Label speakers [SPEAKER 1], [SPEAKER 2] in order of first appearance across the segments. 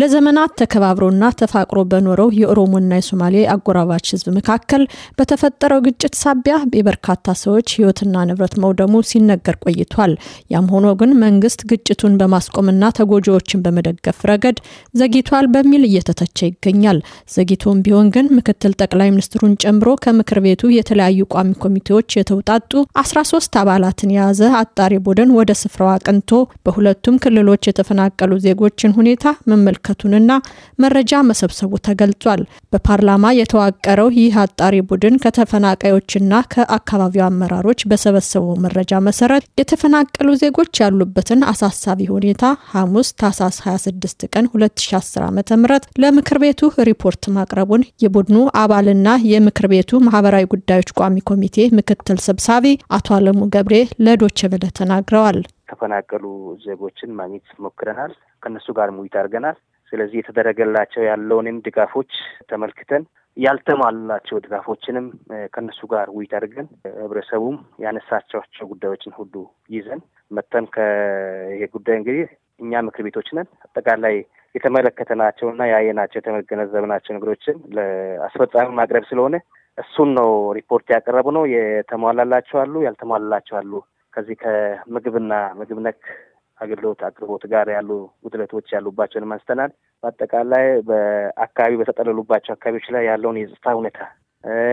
[SPEAKER 1] ለዘመናት ተከባብሮና ተፋቅሮ በኖረው የኦሮሞና የሶማሌ አጎራባች ህዝብ መካከል በተፈጠረው ግጭት ሳቢያ የበርካታ ሰዎች ህይወትና ንብረት መውደሙ ሲነገር ቆይቷል። ያም ሆኖ ግን መንግስት ግጭቱን በማስቆምና ተጎጂዎችን በመደገፍ ረገድ ዘግይቷል በሚል እየተተቸ ይገኛል። ዘግይቶም ቢሆን ግን ምክትል ጠቅላይ ሚኒስትሩን ጨምሮ ከምክር ቤቱ የተለያዩ ቋሚ ኮሚቴዎች የተውጣጡ 13 አባላትን የያዘ አጣሪ ቡድን ወደ ስፍራው አቅንቶ በሁለቱም ክልሎች የተፈናቀሉ ዜጎችን ሁኔታ መመልከት መመልከቱንና መረጃ መሰብሰቡ ተገልጿል። በፓርላማ የተዋቀረው ይህ አጣሪ ቡድን ከተፈናቃዮችና ከአካባቢው አመራሮች በሰበሰበው መረጃ መሰረት የተፈናቀሉ ዜጎች ያሉበትን አሳሳቢ ሁኔታ ሐሙስ ታህሳስ 26 ቀን 2010 ዓ.ም ለምክር ቤቱ ሪፖርት ማቅረቡን የቡድኑ አባልና የምክር ቤቱ ማህበራዊ ጉዳዮች ቋሚ ኮሚቴ ምክትል ሰብሳቢ አቶ አለሙ ገብሬ ለዶይቼ ቬለ ተናግረዋል።
[SPEAKER 2] ተፈናቀሉ ዜጎችን ማግኘት ሞክረናል። ከእነሱ ጋር ውይይት አድርገናል። ስለዚህ የተደረገላቸው ያለውንም ድጋፎች ተመልክተን ያልተሟላቸው ድጋፎችንም ከነሱ ጋር ውይይት አድርገን ህብረተሰቡም ያነሳቸዋቸው ጉዳዮችን ሁሉ ይዘን መተን ከይሄ ጉዳይ እንግዲህ እኛ ምክር ቤቶች ነን አጠቃላይ የተመለከተናቸውና ያየናቸው የተገነዘብናቸው ነገሮችን ለአስፈጻሚ ማቅረብ ስለሆነ እሱን ነው ሪፖርት ያቀረቡ ነው። የተሟላላቸው አሉ፣ ያልተሟላላቸው አሉ። ከዚህ ከምግብና ምግብ ነክ አገልግሎት አቅርቦት ጋር ያሉ ጉድለቶች ያሉባቸውን አንስተናል። በአጠቃላይ በአካባቢ በተጠለሉባቸው አካባቢዎች ላይ ያለውን የጸጥታ ሁኔታ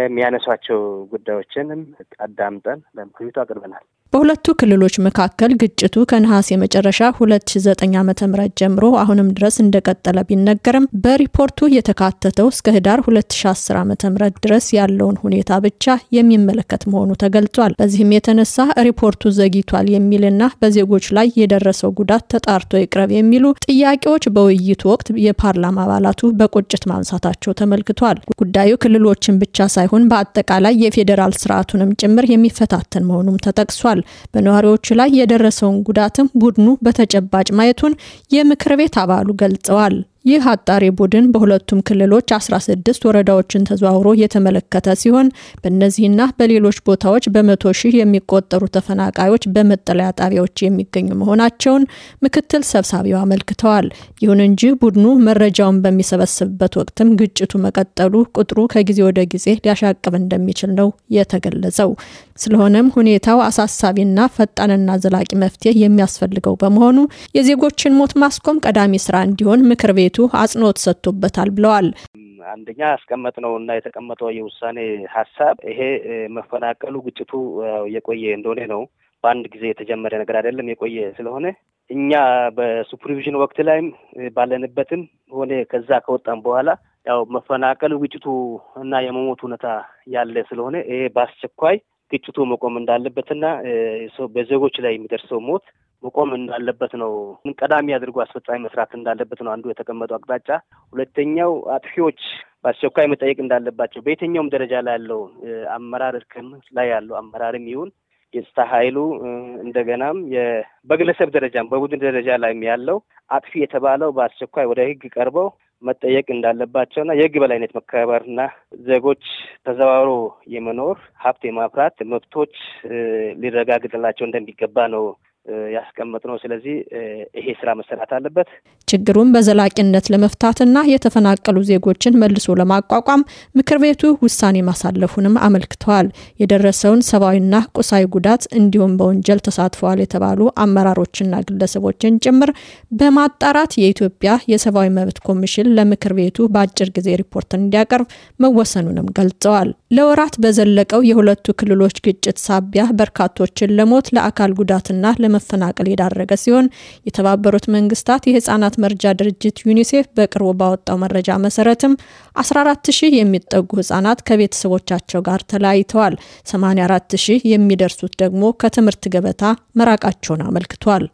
[SPEAKER 2] የሚያነሷቸው ጉዳዮችንም አዳምጠን ለምክሪቱ አቅርበናል።
[SPEAKER 1] በሁለቱ ክልሎች መካከል ግጭቱ ከነሐሴ መጨረሻ 2009 ዓ.ም ጀምሮ አሁንም ድረስ እንደቀጠለ ቢነገርም በሪፖርቱ የተካተተው እስከ ህዳር 2010 ዓ.ም ድረስ ያለውን ሁኔታ ብቻ የሚመለከት መሆኑ ተገልጿል። በዚህም የተነሳ ሪፖርቱ ዘግይቷል የሚልና በዜጎች ላይ የደረሰው ጉዳት ተጣርቶ ይቅረብ የሚሉ ጥያቄዎች በውይይቱ ወቅት የፓርላማ አባላቱ በቁጭት ማንሳታቸው ተመልክቷል። ጉዳዩ ክልሎችን ብቻ ብቻ ሳይሆን በአጠቃላይ የፌዴራል ስርዓቱንም ጭምር የሚፈታተን መሆኑም ተጠቅሷል። በነዋሪዎቹ ላይ የደረሰውን ጉዳትም ቡድኑ በተጨባጭ ማየቱን የምክር ቤት አባሉ ገልጸዋል። ይህ አጣሪ ቡድን በሁለቱም ክልሎች 16 ወረዳዎችን ተዘዋውሮ የተመለከተ ሲሆን በእነዚህና በሌሎች ቦታዎች በመቶ ሺህ የሚቆጠሩ ተፈናቃዮች በመጠለያ ጣቢያዎች የሚገኙ መሆናቸውን ምክትል ሰብሳቢው አመልክተዋል። ይሁን እንጂ ቡድኑ መረጃውን በሚሰበስብበት ወቅትም ግጭቱ መቀጠሉ ቁጥሩ ከጊዜ ወደ ጊዜ ሊያሻቅብ እንደሚችል ነው የተገለጸው። ስለሆነም ሁኔታው አሳሳቢና ፈጣንና ዘላቂ መፍትሄ የሚያስፈልገው በመሆኑ የዜጎችን ሞት ማስቆም ቀዳሚ ስራ እንዲሆን ምክር ቤቱ ውይይቱ አጽንኦት ሰጥቶበታል ብለዋል።
[SPEAKER 2] አንደኛ አስቀመጥ ነው እና የተቀመጠው የውሳኔ ሀሳብ ይሄ መፈናቀሉ ግጭቱ የቆየ እንደሆነ ነው። በአንድ ጊዜ የተጀመረ ነገር አይደለም። የቆየ ስለሆነ እኛ በሱፐርቪዥን ወቅት ላይም ባለንበትም ሆነ ከዛ ከወጣም በኋላ ያው መፈናቀሉ ግጭቱ እና የመሞት ሁኔታ ያለ ስለሆነ ይሄ በአስቸኳይ ግጭቱ መቆም እንዳለበትና በዜጎች ላይ የሚደርሰው ሞት መቆም እንዳለበት ነው። ቀዳሚ አድርጎ አስፈጻሚ መስራት እንዳለበት ነው አንዱ የተቀመጠው አቅጣጫ። ሁለተኛው አጥፊዎች በአስቸኳይ መጠየቅ እንዳለባቸው በየትኛውም ደረጃ ላይ ያለው አመራር እርከን ላይ ያለው አመራርም ይሁን የጸጥታ ኃይሉ እንደገናም በግለሰብ ደረጃም በቡድን ደረጃ ላይም ያለው አጥፊ የተባለው በአስቸኳይ ወደ ሕግ ቀርበው መጠየቅ እንዳለባቸውና የሕግ በላይነት መከበርና ዜጎች ተዘዋውሮ የመኖር ሀብት የማፍራት መብቶች ሊረጋግጥላቸው እንደሚገባ ነው ያስቀመጥ ነው። ስለዚህ ይሄ ስራ መሰራት አለበት።
[SPEAKER 1] ችግሩን በዘላቂነት ለመፍታትና የተፈናቀሉ ዜጎችን መልሶ ለማቋቋም ምክር ቤቱ ውሳኔ ማሳለፉንም አመልክተዋል። የደረሰውን ሰብአዊና ቁሳዊ ጉዳት እንዲሁም በወንጀል ተሳትፈዋል የተባሉ አመራሮችና ግለሰቦችን ጭምር በማጣራት የኢትዮጵያ የሰብአዊ መብት ኮሚሽን ለምክር ቤቱ በአጭር ጊዜ ሪፖርት እንዲያቀርብ መወሰኑንም ገልጸዋል። ለወራት በዘለቀው የሁለቱ ክልሎች ግጭት ሳቢያ በርካቶችን ለሞት ለአካል ጉዳትና ለመፈናቀል የዳረገ ሲሆን የተባበሩት መንግስታት የህፃናት መርጃ ድርጅት ዩኒሴፍ በቅርቡ ባወጣው መረጃ መሰረትም 14 ሺህ የሚጠጉ ህጻናት ከቤተሰቦቻቸው ጋር ተለያይተዋል። 84 ሺህ የሚደርሱት ደግሞ ከትምህርት ገበታ መራቃቸውን አመልክቷል።